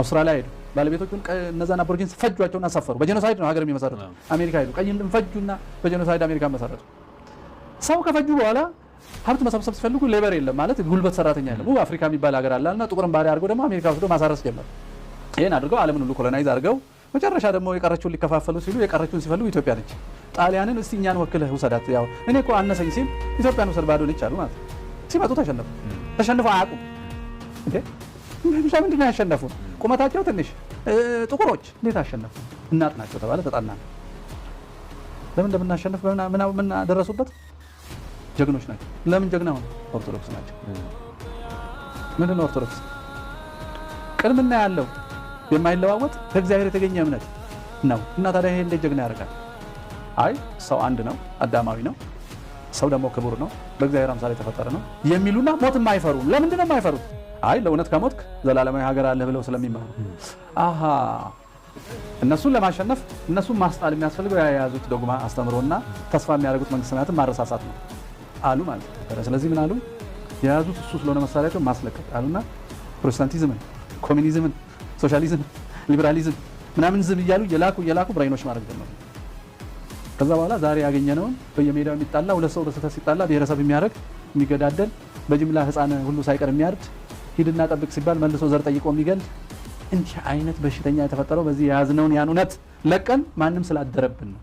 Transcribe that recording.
አውስትራሊያ ሄዱ። ባለቤቶቹን እነዛን አቦርጂንስ ፈጇቸውን አሳፈሩ። በጀኖሳይድ ነው ሀገር የሚመሰረቱት። አሜሪካ ሄዱ። ቀይ ህንድን ፈጁና በጀኖሳይድ አሜሪካ መሰረቱ። ሰው ከፈጁ በኋላ ሀብት መሰብሰብ ሲፈልጉ ሌበር የለም ማለት ጉልበት ሰራተኛ የለም። አፍሪካ የሚባል ሀገር አለ ጥቁርን ባህሪ አድርገው ደግሞ አሜሪካ ወስዶ ማሳረስ ጀመር። ይህን አድርገው አለምን ሁሉ ኮሎናይዝ አድርገው መጨረሻ ደግሞ የቀረችውን ሊከፋፈሉ ሲሉ የቀረችውን ሲፈልጉ ኢትዮጵያ ነች። ጣሊያንን እስቲ እኛን ወክለህ ውሰዳት፣ ያው እኔ እኮ አነሰኝ ሲል ኢትዮጵያን ውሰድ ባዶ ነች አሉ ማለት ሲመጡ ተሸነፉ። ተሸንፈው አያውቁም። ለምንድን ነው ያሸነፉ? ቁመታቸው ትንሽ ጥቁሮች እንዴት አሸነፉ? እናት ናቸው ተባለ። ተጣና ለምን እንደምናሸንፍ ምን ደረሱበት? ጀግኖች ናቸው። ለምን ጀግና ሆነ? ኦርቶዶክስ ናቸው። ምንድን ነው ኦርቶዶክስ? ቅድምና ያለው የማይለዋወጥ ከእግዚአብሔር የተገኘ እምነት ነው እና ታዲያ ይሄ እንዴት ጀግና ያደርጋል? አይ ሰው አንድ ነው፣ አዳማዊ ነው። ሰው ደግሞ ክቡር ነው፣ በእግዚአብሔር አምሳሌ የተፈጠረ ነው የሚሉና ሞት የማይፈሩ ለምንድን ነው የማይፈሩት? አይ ለእውነት ከሞትክ ዘላለማዊ ሀገር አለ ብለው ስለሚማሩ አሀ እነሱን ለማሸነፍ እነሱን ማስጣል የሚያስፈልገው የያዙት ዶግማ አስተምሮና ተስፋ የሚያደርጉት መንግስት ሰማያትን ማረሳሳት ነው አሉ ማለት ነው። ስለዚህ ምን አሉ? የያዙት እሱ ስለሆነ መሳሪያቸው ማስለቀቅ አሉና ፕሮቴስታንቲዝምን፣ ኮሚኒዝምን፣ ሶሻሊዝም፣ ሊበራሊዝም ምናምን ዝም እያሉ የላኩ የላኩ ብራይኖች ማድረግ ጀመሩ። ከዛ በኋላ ዛሬ ያገኘነውን በየሜዳው የሚጣላ ሁለት ሰው በስተት ሲጣላ ብሔረሰብ የሚያደርግ የሚገዳደል በጅምላ ህፃን ሁሉ ሳይቀር የሚያርድ ሂድና ጠብቅ ሲባል መልሶ ዘር ጠይቆ የሚገል እንዲህ አይነት በሽተኛ የተፈጠረው በዚህ የያዝነውን ያን እውነት ለቀን ማንም ስላደረብን ነው።